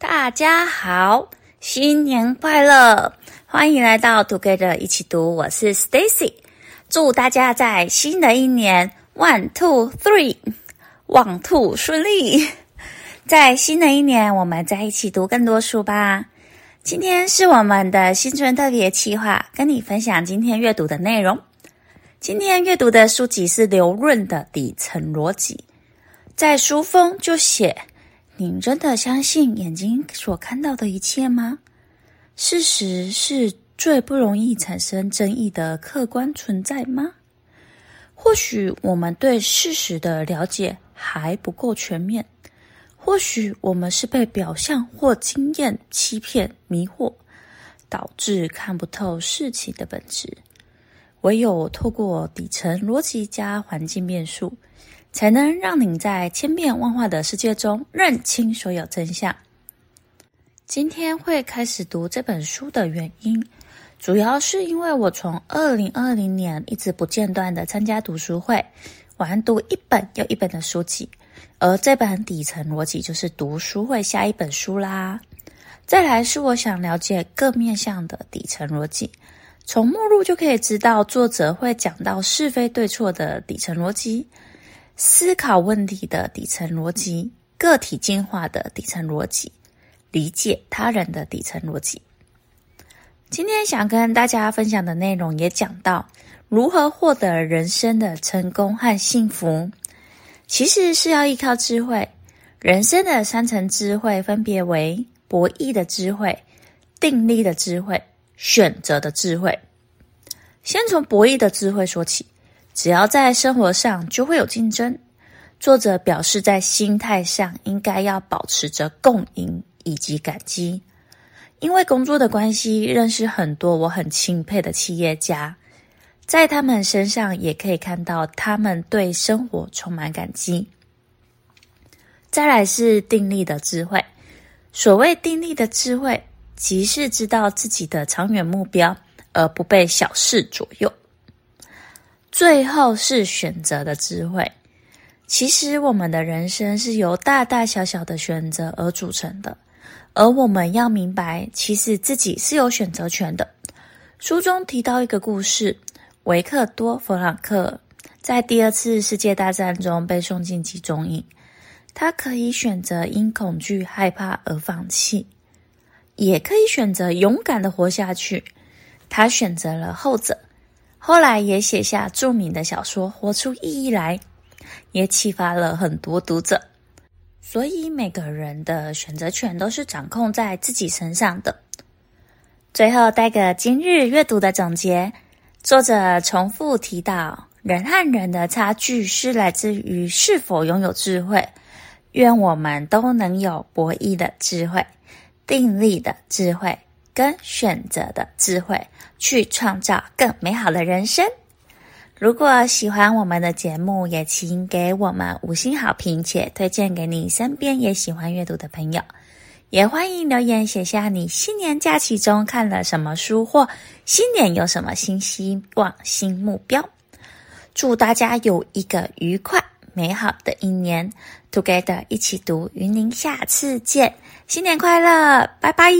大家好，新年快樂！歡迎來到《Together 一起讀》，我是 Stacy。祝大家在新的一年 One Two Three，one two 順利。在新的一年，我們再一起讀更多書吧。今天是我們的新春特別企劃，跟你分享今天閱讀的內容。今天閱讀的書籍是劉潤的《底層邏輯》，在書封就寫。你真的相信眼睛所看到的一切嗎？事實是最不容易產生爭議的客觀存在嗎？或許我們對事實的了解還不夠全面，或許我們是被表象或經驗欺騙、迷惑，導致看不透事情的本質。唯有透過底層邏輯加環境變數，才能讓您在千變萬化的世界中認清所有真相。今天會開始讀這本書的原因，主要是因為我從二零二零年一直不間斷的參加讀書會，完讀一本又一本的書籍。而這本底層邏輯就是讀書會下一本書啦。再來是我想了解各面向的底層邏輯，從目錄就可以知道作者會講到是非對錯的底層邏輯。思考問題的底層邏輯，個體進化的底層邏輯，理解他人的底層邏輯。今天想跟大家分享的內容也講到如何獲得人生的成功和幸福，其實是要依靠智慧。人生的三層智慧分別為博弈的智慧、定力的智慧、選擇的智慧。先從博弈的智慧說起。只要在生活上就會有競爭。作者表示，在心態上應該要保持着共贏以及感激。因為工作的關係，認識很多我很欽佩的企業家，在他們身上也可以看到他們對生活充滿感激。再來是定力的智慧。所謂定力的智慧，即是知道自己的長遠目標，而不被小事左右。最後是選擇的智慧。其實我們的人生是由大大小小的選擇而組成的，而我們要明白，其實自己是有選擇權的。書中提到一個故事：維克多·弗朗克在第二次世界大戰中被送進集中營，他可以選擇因恐懼、害怕而放棄，也可以選擇勇敢地活下去。他選擇了後者。後來也寫下著名的小說《活出意義來》，也啟發了很多讀者。所以每個人的選擇權都是掌控在自己身上的。最後帶個今日閱讀的總結，作者重複提到，人和人的差距是來自於是否擁有智慧。願我們都能有博弈的智慧、定力的智慧。跟選擇的智慧，去創造更美好的人生。如果喜歡我們的節目，也請給我們五星好評，且推薦給你身邊也喜歡閱讀的朋友。也歡迎留言寫下你新年假期中看了什麼書，或新年有什麼新希望、新目標。祝大家有一個愉快美好的一年！Together，一起讀，與您下次見。新年快樂，拜拜。